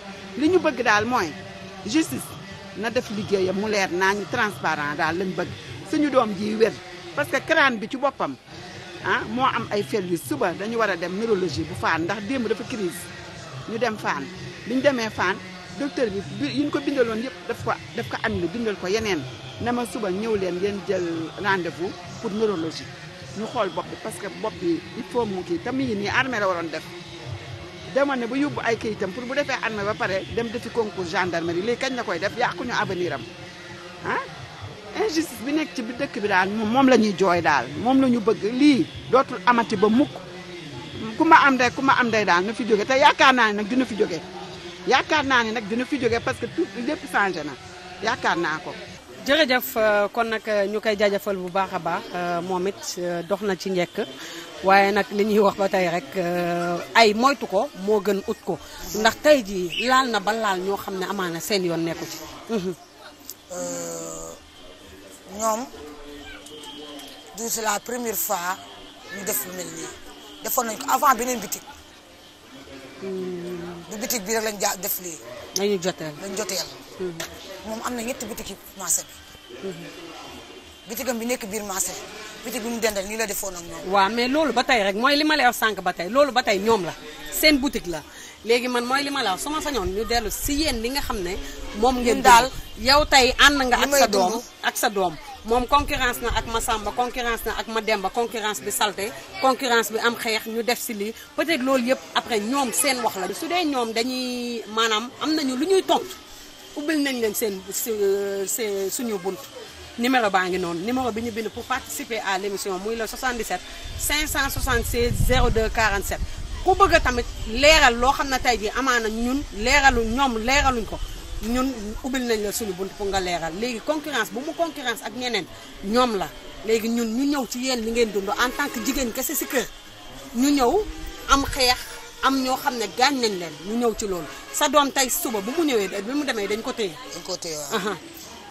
li ñu bëgg daal mooy justice na def liggéeyam mu leer naa ñu transparent daal lañ bëgg suñu doom ji wér parce que crâne bi ci boppam ah moo am ay fel yu suba dañu war a dem neurologie bu fa ndax démb dafa crise ñu dem Fann bi ñu demee Fann docteur bi yi ñu ko bindaloon yëpp daf ko daf ko annulé bindal ko yeneen na ma suba ñëw leen ngeen jël rendez-vous pour neurologie ñu xool bopp parce que bopp bi il faut mu kii te mi ngi nii armée la waroon def demoon ne ba yóbbu ay kayitam pour bu defee armée ba pare dem defi concours gendarmerie léegi kañ la koy def yàqu ñu avenir am ah injustice bi nekk ci bi dëkk bi daal moom la ñuy jooy daal moom la ñu bëgg lii dootul amati ba mukk ku am ndey ku ma am ndey daal na fi jóge te yaakaar naa ne nag dina fi jóge yaakaar naa ni nag dina fi jóge parce que tout lépp changé na yaakaar naa ko. jërëjëf euh, kon nag euh, ñu koy jaajëfal bu baax a baax euh, moom it dox na ci njekk waaye nag li wax ba tey rek ay moytu ko moo gën ut ko ndax tey jii laal na ba laal ñoo xam ne amaana seen yoon nekku ci. Mhm. ñoom du c'est la première fois ñu def lu mel nii. defoon nañ ko avant beneen bitig hmm. du bi rek lañ ja def lii. lañu joteel lañ joteel. Hmm. moom am na ñetti bitig yi marché hmm. bi. nekk biir marché bitig bi mu dendal nii la defoon ak ñoom. waaw mais loolu ba tey rek mooy li ma lay sànq ba tey loolu ba tey ñoom la seen boutique la. léegi man mooy li ma la su ma sañoon ñu dellu si yéen li nga xam ne moom ngeen daal yow tey ànd nga ak sa doom ak sa doom moom concurrence na ak ma Masamba concurrence na ak ma demba concurrence bi salte concurrence bi am xeex ñu def si lii peut-être loolu yëpp après ñoom seen wax la. su dee ñoom dañuy maanaam am na ñu lu ñuy tontu ubbil nañ lañ seen seen suñu bunt numéro baa ngi noonu numéro bi ñu bind pour participer à l'émission muy la le 77 576 02 47 ku bëgg tamit leeral loo xam ne tey jii amaana ñun leeralu ñoom leeraluñ ko. ñun ubbil nañ la suñu bunt pour nga leeral léegi concurrence bu mu concurrence ak ñeneen ñoom la léegi ñun ñu ñëw ci yéen li ngeen dund en tant que jigéen kese si kër ñu ñëw am xeex am ñoo xam ne gaañ nañ leen ñu ñëw ci loolu sa doom tey suba bi mu ñëwee bi mu demee dañ ko téye. dañ ko téye waaw.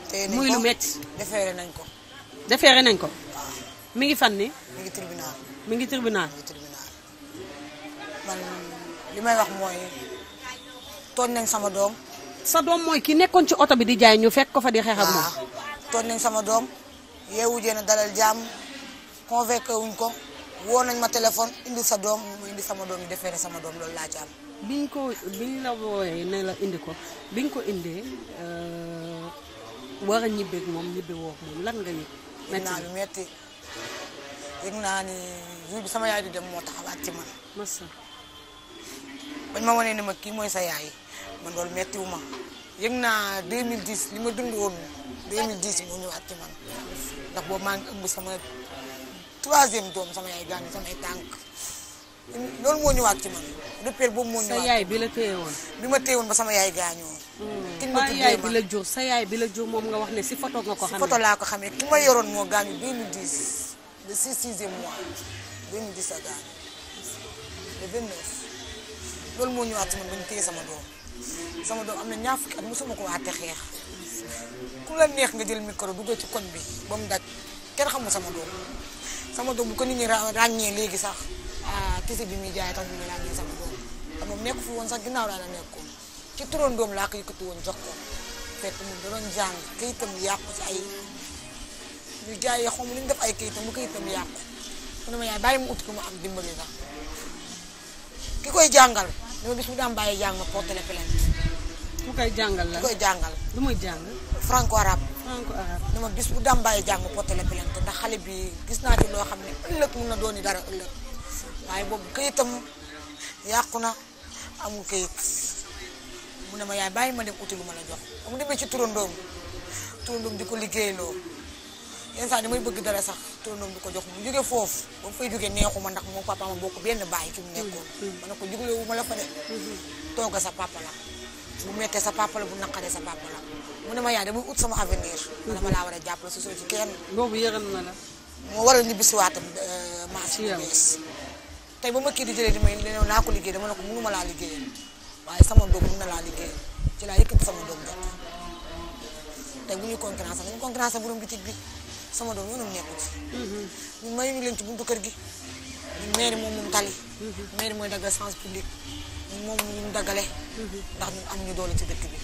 téye nañ muy lu métti. defeere nañ ko. defeere nañ ko. mi ngi fan ni mi ngi tribunal. mi ngi tribunal. man li may wax mooy tooñ nañ sama doom. sa doom mooy kii nekkoon ci oto bi di jaay ñu fekk ko fa di xeex ak moom. toon nañ sama doom yeewu jéem na dalal jàmm convoqué wuñ ko woo nañ ma téléphone indi sa doom mu indi sama doom yi defeere sama doom laa ci am. biñ ko biñ la wooyee ne la indi ko biñ ko indee euh, a ñibbeeg moom ñibbe lan nga yëg. naa lu metti naa ni jour sama yaay di dem moo taxawaat ci man. massa bañ ma wanee ne ma kii mooy sa yaay. man loolu méttiwu ma yëg naa 2010 li ma dund woon 2010 moo ñëwaat ci man ndax boo maa ngi ëmb sama troisième doom sama yaay gaañ samay tànk loolu moo ñëwaat ci man rëppeel boobu moo yaay bi la téye woon bi ma téye woon ba sama yaay gaañoo hmm. kiñ ma tuddee yaay bi la jur sa yaay bi la jur moom nga wax ne si photo nga ko xamee si photo ko xamee ki ma yoroon moo gaañu 2010 le 6 sixième mois 2010 a gaañu le 29 loolu moo ñëwaat ci man ba ñu téye sama doom sama doom am na ñaar fukki at mosuma ko waate xeex ku la neex nga jël micro dugg ci koñ bi ba mu daj kenn xamul sama doom sama doom bu ko nit ñi ràññee léegi sax ah tisi bi muy jaay tax ñu ràññee sama doom te moom nekk fu woon sax ginnaaw laa la nekkoon ci turoon laa ko woon jox moom da doon jàng kayitam yàqu ci ay ñu jaayee xaw ma li ñu def ay kayitam bu kayitam yàqu mu ne ma yaay bàyyi mu ut ko mu am dimbali la ki koy jàngal. dama gis mu daan bàyyi jàng ma porté la plainte. koy jàngal la mu jàngal. lu muy jàng. franco arabe. dama gis mu daan bàyyi jàng ma porté la ndax xale bi gis naa ci loo xam ne ëllëg mun na dooni dara ëllëg waaye boobu këyitam yàqu na amul këyit mu ne ma yaay bàyyi ma dem uti lu ma la jox ba mu demee ci turandoom turandoom di ko liggéeyloo. yenn saa damay bëgg dara sax tóndoom du ko jox mu jóge foofu ba mu fay jóge neexuma ndax moom papa ma bokk benn bàyyi ci mu nekkoon mm-hmm. Mm-hmm. ma ne ko juglewu ma la fa de mm-hmm. sa papa la bu mettee sa papa bu naqaree sa papa la mu ne ma yaay damay ut sama avenir ma dama laa war a jàppale su soo ci kenn boobu yëgal na la moo waral ñibbi si waatam euh, marché bu bees ba ma kii di jëlee di may leneen naa ko liggéey dama ne ko mënuma laa liggéeyal waaye sama doom mën na laa liggéeyal ci laa yëkkati sama doom jot tey bu ñuy concurrence dañu concurrence borom bitig bi sama doom yoonam nekkul si mhm. mayuñu leen kër gi mairie moom mhm. mooy daggal sens public moom ñu daggale mhm. ndax ñun am ci dëkk bi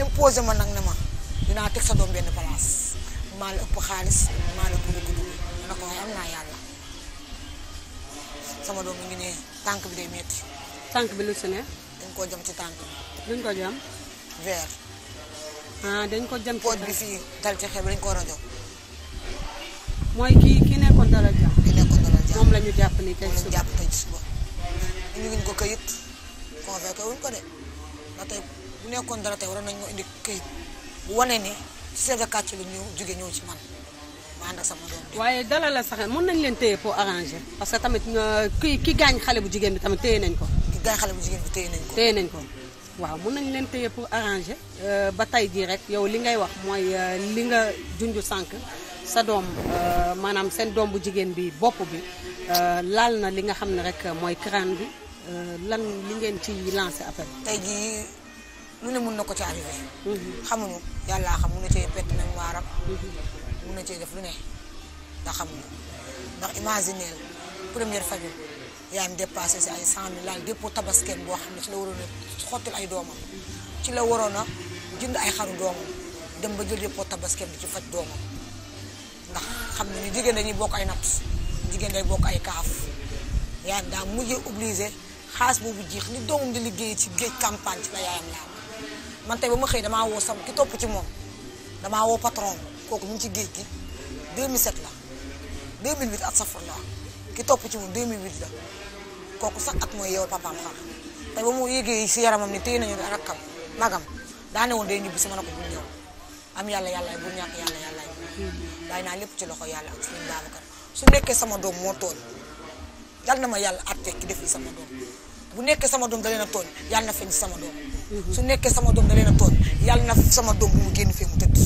imposé ma nag ne ma dinaa teg sa doom benn place maa la ëpp xaalis maa la am naa yàlla doom mi ngi ne tànk bi day metti tànk bi lu si ne dañ koo jam ci tànk bi dañ ko jam vert ah, dañ ko jam ci pot bi fii dal ci xeeb dañ ko rajo mooy kii kii nekkoon dalal jàmm. moom la ñu jàpp ni tey suba jàpp tey suba. indi ko këyit convoqué ko de ndax bu nekkoon dara tey waroon nañ moo indi këyit bu ne chef de quartier bi ñëw jóge ñëw ci man ma ànd waaye dalal la sax mën nañ leen téye pour arranger parce que tamit euh, ki ki gaañ xale bu jigéen bi tamit téye nañ ko. ki gaañ xale bu jigéen bi téye nañ ko. waaw mën nañ leen téye pour arranger euh, ba tey jii rek yow li ngay wax mooy euh, li nga junj sànq sa doom euh, maanaam seen doom bu jigéen bi bopp bi euh, laal na li nga xam ne rek mooy crâne bi euh, lan li ngeen ci lancer appel. tey jii lu ne mun na ko ci arrivé. Mhm. xamuñu yàllaa xam mun na cee perte mémoire mun na cee def lu ne ndax xamuñu ndax imaginer première famille yaa ngi dépassé si ay cent mille laal dépôt boo xam ne ci la waroon a xottil ay doomam ci la waroon a jënd ay xam doomam dem ba jël dépôt tabaskeem bi ci faj doomam. ndax xam ne jigéen dañuy bokk ay natt jigéen day bokk ay kaaf yaayam daa mujjee obligé xaalis boobu jeex ni doomam di liggéey ci géej campagne ci la yaayam laam man tey ba ma xëy damaa woo sam ki topp ci moom damaa woo patron kooku mu ngi ci géej gi 2007 la 2008 at safar la ki topp ci moom 2008 la kooku sax at mooy yeewal papaam xam tey ba mu yëgee si yaramam ni téye nañu rakkam magam daa ne woon day ñibbi si ma ne ko bu ñëw am yàlla yàlla bu ñàkk yàlla yàlla bàyyi naa lépp ci loxo yàlla su nekkee sama doom moo tooñ yal na ma yàlla àtte ki def sama doom bu nekkee sama doom da leen a tooñ yal na feeñ sama doom su nekkee sama doom da leen a tooñ na sama doom bu mu génn fee mu tëdd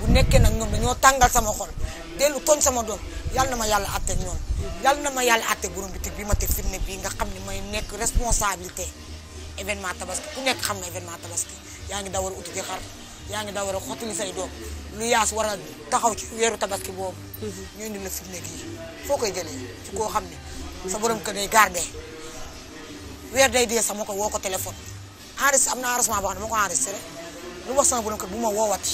bu nekkee nag ñoom dañoo tàngal sama xol dellu tooñ sama doom yal na ma yàlla àtte ak ñoom na ma yàlla àtte borom bi teg bi ma teg firnde bii nga xam ni may nekk responsabilité événement tabaski ku nekk xam na événement tabaski yaa ngi dawal uti di xar yaa ngi daa war a xottali say doom lu yaas war a taxaw ci weeru tabaski boobu ñu indi la fitna gi foo koy jëlee ci koo xam ne sa borom kër day gardé weer ko woo ko téléphone enregistré am na enregistrement boo xam ko enregistré lu wax sama borom kër bu ma woowati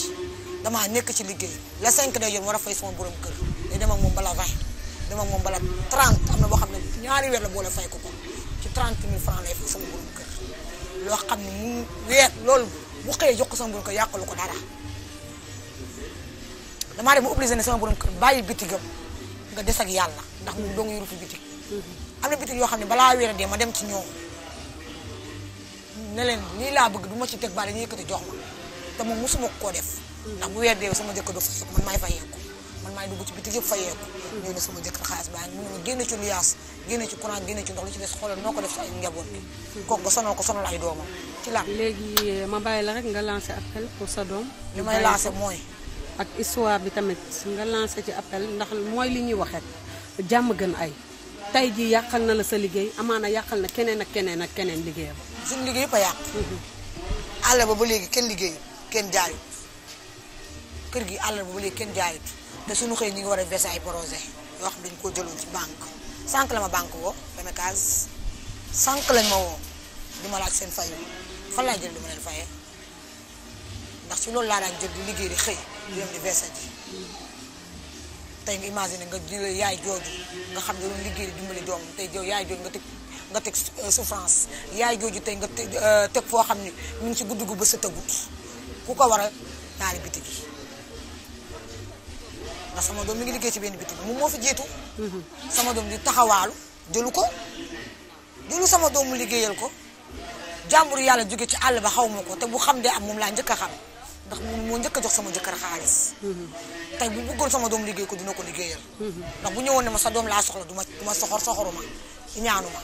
damaa nekk ci liggéey la cinq day yoon war a fay sama borom kër day dem ak moom bala vingt dem ak moom bala trente am na boo xam ne ñaari weer la boole fay ko ko ci trente mille francs lay fay sama borom kër loo loolu mu xëyee jox ko sama borom kër yàqalu ko dara damaa dem mu obligé ne sama borom kër bàyyi bitigam nga des ak yàlla ndax moom doo nga yoru fi bitig am na bitig yoo xam ne balaa weer dee ma dem ci ñoom ne leen lii laa bëgg du ma ci teg baa dañuy yëkkati jox ma te moom mosuma koo def ndax bu weer dee sama jëkk doo fa man maay fayeeku man maay dugg ci bitig yëpp fayeeku ñëw ne sama jëkkër xaalis baa mu ne ma génn ci luyaas génn ci courant génn ci ndox lu ci des xoolal noo ko def ci ay bi kooku nga ko sonal ay doomam ci làmb. léegi euh, ma bàyyi la rek nga lancé appel pour sa doom. li may lancé mooy. ak histoire bi tamit nga lancé ci appel ndax mooy li ñuy waxee rek jàmm gën ay tey ji yàqal na la sa liggéey amaana yàqal na keneen ak keneen ak keneen liggéeyam. suñu liggéey yëpp a yàq. Mhm. àll ba ba léegi kenn liggéey kenn jaayut kër gi àll ba ba léegi kenn jaayut te suñu xëy ñu ngi war a versé ay projet wax dañ dañu ko jëloon ci banque sànq la ma banque woo dama kaas sànq lañ ma duma laaj seen fayu fan laay jël li ndax ci loolu laa daan jël di liggéey di xëy di dem di verser ji tey nga imaginer nga jël yaay jooju nga xam ne doon liggéey di dimbali doom tey yow yaay jooju nga teg nga teg euh, souffrance yaay jooju tey nga teg euh, foo xam ne mu ngi ci gudd gu bës a tëggut ku ko war a taali bitig yi ndax sama doom mi ngi liggéey ci benn bitig moom moo fi jiitu. Mm-hmm. sama doom di taxawaalu jëlu ko jëlu sama doomu liggéeyal ko. jàmbur yàlla jóge ci àll ba xaw ma ko te bu xam dee am moom laa njëkk a xam ndax moom moo njëkk a jox sama jëkkër xaalis mm-hmm. tey bu bëggoon sama doom liggéey ko dina ko liggéeyal mm-hmm. ndax bu ñëwoon ne ma sa doom laa soxla duma du ma soxor soxoruma ñaanuma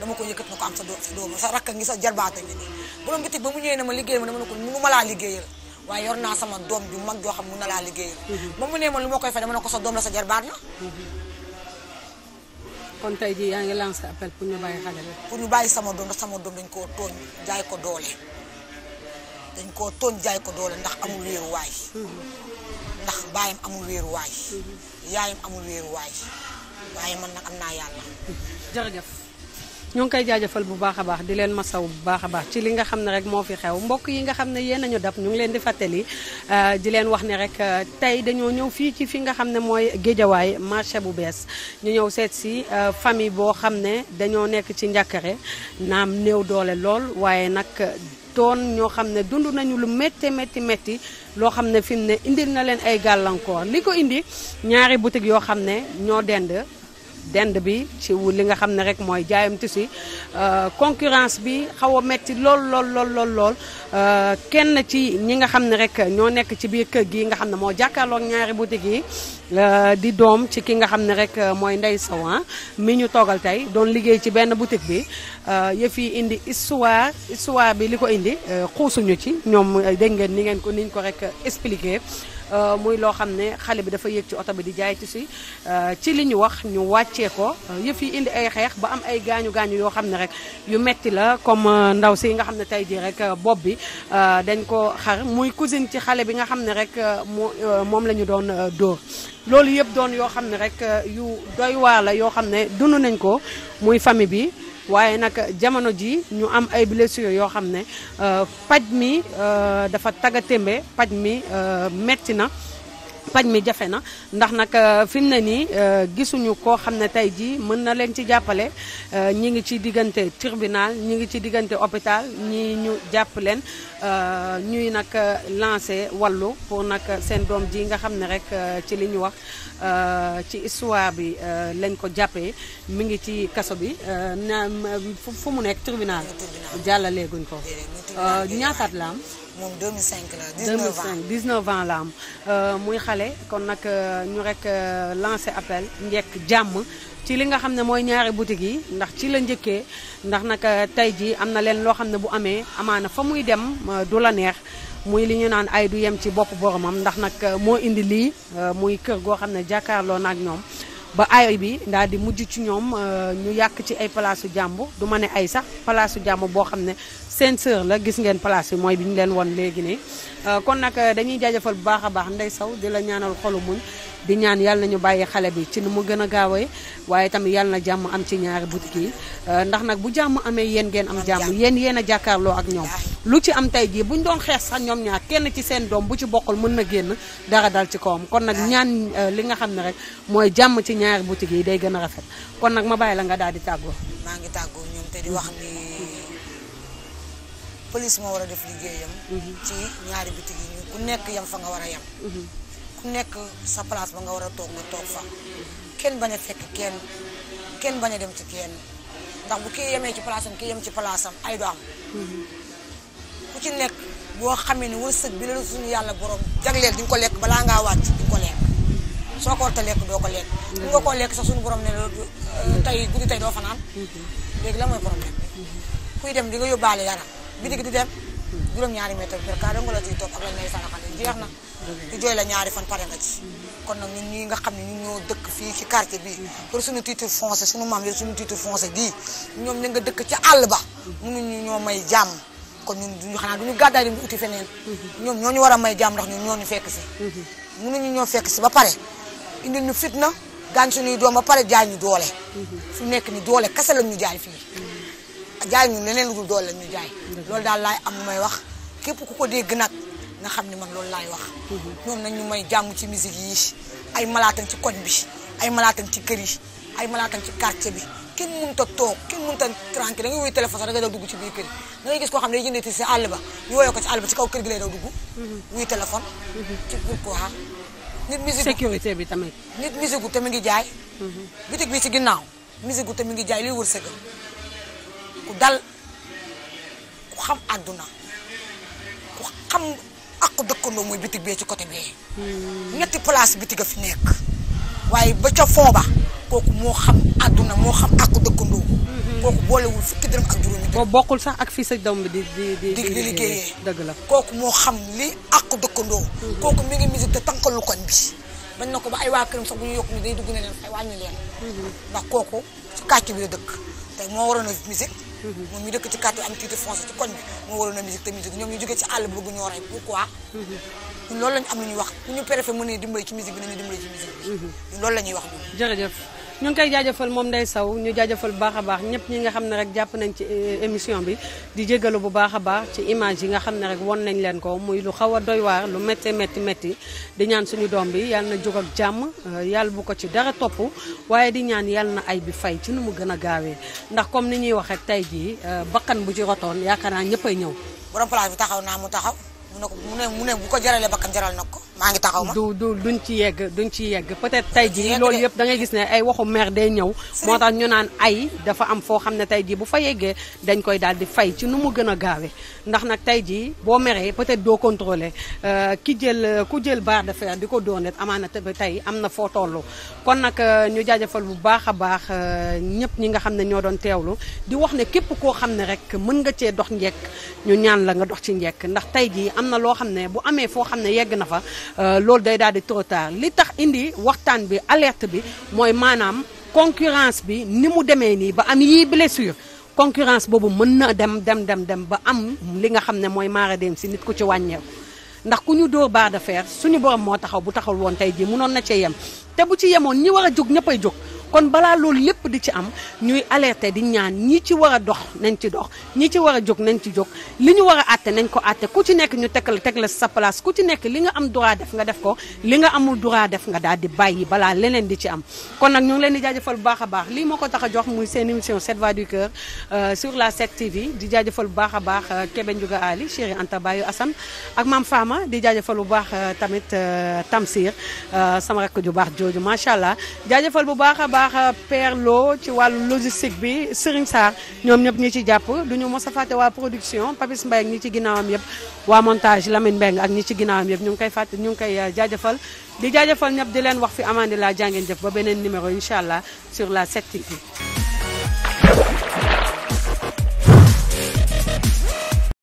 dama ko yëkkat na ko am sa doom sa doom sa rakk ngi sa jarbaata ngi nii borom bitig ba mu ñëwee ne ma liggéeyal ma dama ne ko mënu ma laa liggéeyal waaye yor naa sama doom ju mag joo xam mun na laa liggéeyal mm-hmm. ba mu ne ma lu ma koy fay dama ne ko sa doom la sa jarbaat la kon tey jii yaa ngi lancé appel pour ñu bàyyi xale bi. pour ñu bàyyi sama doom ndax sama doom dañ koo tooñ jaay ko doole dañ koo tooñ jaay ko doole ndax amul wéeruwaay. Mhm. ndax baayam amul wéeruwaay. Mhm. yaayam amul wéeruwaay waaye man na am naa yàlla. jërëjëf. ñoo ngi koy jaajëfal bu baax a baax di leen masaw bu baax a baax ci li nga xam ne rek moo fi xew mbokk yi nga xam ne yéen nañu dab ñu ngi leen di fàttali euh, di leen wax ne rek euh, tey dañoo ñëw fii ci fi nga xam ne mooy géejawaay marché bu bees ñu ñëw seet si euh, famille boo xam ne dañoo nekk ci njàkkare naam néew doole lool waaye nag doon ñoo xam ne dund nañu lu métti métti métti loo xam ne fi mu ne indil na leen ay gàllankoor li ko indi ñaari boutique yoo xam ne ñoo dend dend bi ci li nga xam ne rek mooy jaayam tissu euh, concurrence bi xaw a metti lool lool lool lool euh, kenn ci ñi nga xam ne rek ñoo nekk ci biir kër gi nga xam ne moo jàkkaarloog ñaari boutique yi euh, di doom ci ki nga xam ne rek mooy Ndeye Sow ah, mi ñu toogal tey doon liggéey ci benn boutique bi yëf yi indi histoire histoire bi li ko indi xuusuñu ci ñoom dégg ngeen ni ngeen ko niñ ko rek expliqué Euh, muy loo xam ne xale bi dafa yéeg ci oto bi di jaay tissu euh, ci li ñu wax ñu wàccee ko euh, yëf yi indi ay xeex ba am ay gaañu gaañu yoo xam ne rek yu metti la comme ndaw si nga xam ne tey jii rek bopp bi dañ ko xar muy cousine ci xale bi nga xam ne rek moom la ñu doon dóor loolu yëpp doon yoo xam ne rek yu doy waar yoo xam ne dund nañ ko muy famille bi waaye nag jamono ji ñu am ay blessures yoo xam ne euh, paj mi euh, dafa taggatémbe paj mi euh, metti na pañ mi jafe na ndax nag euh, fi mu ne nii euh, gisuñu koo xam ne tey jii mën na leen ci jàppale euh, ñi ngi ci diggante tribunal ñi ngi ci diggante hôpital ñi ñu jàpp leen ñuy nag lancé wàllu pour nag seen doom ji nga xam ne rek ci li ñu wax ci histoire bi lañ ko jàppee mu ngi ci kaso bi na fu mu nekk tribunal jàllaleeguñ ko ñaataat la am moom 2005 la 19 ans 2005 19 ans la am euh, muy xale kon nag euh, ñu rek euh, lancé appel njekk jàmm ci li nga xam ne mooy ñaari boutique yi ndax ci la njëkkee ndax nag tey jii am na leen loo xam ne bu amee amaana fa muy dem du la neex muy li ñu naan ay du yem ci bopp boromam ndax nag moo indi lii muy kër goo xam ne jàkkaarloo na ak ñoom ba ay bi ndaa di mujj ci ñoom ñu yàkk ci ay palaasu jàmb du ma ne ay sax palaasu jàmb boo xam ne seen sœur la gis ngeen place bi mooy bi ñu leen won léegi ne euh, kon nag euh, dañuy jaajëfal bu baax a baax Ndeye saw di la ñaanal xolu muñ di ñaan yàlla nañu bàyyi xale bi ci nu mu gën a gaawee waaye tamit yal na jàmm am ci ñaari boutique yi euh, ndax nag bu jàmm amee yéen ngeen am jàmm yéen yéen a jàkkaarloo ak ñoom lu ci am tey jii buñ doon xeex sax ñoom ñaar kenn ci seen doom bu ci bokkul mën na génn dara dal ci kawam kon nag ñaan li nga xam ne rek mooy jàmm ci ñaari boutique yi day gën a rafet kon nag ma bàyyi la nga daal di tàggoo police moo war a def liggéeyam. ci ñaari bi yi ñu ku nekk yam fa nga war a yam. ku nekk sa place ba nga war a toog nga toog fa. kenn bañ a fekk kenn kenn bañ a dem ci kenn ndax bu kii yemee ci place ki kii yem ci palaasam ay du ku ci nekk boo xamee ne wërsëg bi la suñu yàlla borom jagleel di nga ko lekk balaa ngaa wàcc di nga ko lekk. soo ko war a lekk doo ko lekk. bu nga koo lekk sax suñu borom ne la euh, tey guddi tey doo fanaan. Mhm. léegi la mooy problème bitig di dem juróom-ñaari mètre bi ka donga la ciy toog ak saraxale jeex na ñu jooy la ñaari fan pare nga ci kon nag ñun ñii nga xam ne ñun ñoo dëkk fii ci quartier bi pour suñu titre foncier suñu maam yor suñu titre foncier gii ñoom ña nga dëkk ci àll ba mënuñu ñoo may jàmm kon ñun duñu xanaa duñu gàddaay dem uti feneen ñoom ñoo ñu war a may jàmm ndax ñun ñoo ñu fekk si mënuñu ñoo fekk si ba pare indil ñu fitna gaañ suñuy doom ba pare jaay ñu doole su nekk ni doole kese lañ ñu jaay fii jaay ñun leneen lu dul doole la jaay loolu daal laay am lu may wax képp ku ko dégg nag na xam ne man loolu laay wax ñoom nañ ñu may jàmm ci musique yi ay malaatam ci koñ bi ay malaatan ci kër yi ay malaatan ci quartier bi kenn mënut a toog kenn mënut a tranquille da ngay wuy téléphone da ngay ci biir kër yi da ngay gis koo xam ne day àll ba ñu woyoo ko ci àll ba ci kaw kër gi lay daw dugg wuy ci pourquoi nit musique bi tamit nit musique gu tamit ngi jaay bitig bi ci ginnaaw musique gu tamit ngi jaay liy wërsëgal ku dal ku xam àdduna ku xam ak dëkkandoo mooy bitig bee ci côté bee hmm. ñetti place bitig a fi nekk waaye ba ca fooba kooku moo xam àdduna moo xam ak dëkkandoo hmm. kooku boolewul fukki dërëm bokkul sax ak fii sa doom bi liggéeyee dëgg la kooku moo xam li ak dëkkandoo hmm. kooku mi ngi musique te tànkalu koñ bi bañ na ko ba ay waa këram sax bu ñu yokk ni day dugg ne leen ay wàññi leen ndax kooku ci kàcc bi la dëkk moo waroon a musique mhm. moom ñu dëkk ci quartier am titre foncier ci koñ bi moo waroon a musique te musique ñoom ñu jógee ci àll bëgg ñoo rey pourquoi mhm. ñun loolu lañ am lu wax ku ñu préfet mën ne dimbali ci musique bi nañu dimbali ci musique bi mhm. ñun loolu la ñuy wax jërëjëf ñu ngi koy jaajëfal moom Ndeye saw ñu jaajafal bu baax a baax ñëpp ñi nga xam ne rek jàpp nañ ci eh, émission bi di jégalu bu baax a baax ci image yi nga xam ne rek won nañ leen ko muy lu xaw a doy lu métti métti métti di ñaan suñu doom bi yàlla na jóg ak jàmm eh, yàlla bu ko ci dara topp waaye di ñaan yàlla na ay bi fay ci nu mu gën a gaawee ndax comme ni ñuy wax rek tey jii eh, bakkan bu ci rotoon yaakaar naa ñëppay ñëw borom place bi taxaw naa mu taxaw mu ne ko mu ne mu ne bu ko jaralee bakkan jaral na ko maa ngi taxaw ma. du du duñ ci yegg duñ ci yegg peut-être tey jii loolu yëpp da ngay gis ne ay waxu maire day ñëw moo tax ñu naan ay dafa am foo xam ne tey jii bu fa yeggee dañ koy daal di fay ci nu mu gën a gaawee ndax nag tey jii boo meree peut-être doo contrôler euh, ki jël ku jël barre de fer di ko doonet amaana tey am na foo tollu kon nag euh, ñu jaajëfal bu baax a baax euh, ñëpp ñi nga xam ne ñoo doon teewlu di wax ne képp koo xam ne rek mën nga cee dox njekk ñu ñaan la nga dox ci njekk ndax tey jii na loo xam ne bu amee foo xam ne yegg na fa euh, loolu day daal di trop tard li tax indi waxtaan bi alerte bi mooy maanaam concurrence bi ni mu demee nii ba am yii blessure concurrence boobu mën na dem dem dem dem ba am li nga xam ne mooy maara dem si nit ku ci wàññeeku. ndax ku ñu dóor barre de fer suñu borom moo taxaw bu taxawul woon tey jii munoon na cee yem te bu ci yemoon ñi war a jóg ñëppay jóg kon balaa loolu lépp di ci am ñuy alerter di ñaan ñi ci war a dox nañ ci dox ñi ci war a jóg nañ ci jóg li ñu war a àtte nañ ko àtte ku ci nekk ñu teg la sa palace ku ci nekk li nga am droit def nga def ko li nga amul droit def nga daal di bàyyi balaa leneen di ci am kon nag ñu leen di jaajafal bu baax a baax lii moo ko tax a jox muy seen émission 7 voix du cœur euh, sur la 7 TV di jaajëfal bu baax a baax euh, Kébé Ndiouga Ali Chéri Anta Bayou Assane ak Mame Fama di jaajëfal bu baax euh, tamit Tamsir sama rakk ju baax jooju macha allah waa euh, Père loo ci wàllu logistique bi Serigne Sarr ñoom ñëpp ñi ci jàpp du ñu mos a fàtte waa production Papis Mbaye ak ñi ci ginnaawam yëpp waa montage Lamine Mbeng ak ñi ci ginnaawam yëpp ñu ngi koy fàtte ñu ngi koy euh, jaajëfal di jaajëfal ñëpp di leen wax fi amandi laa jàngeen jëf ba beneen numéro incha allah sur la 7TV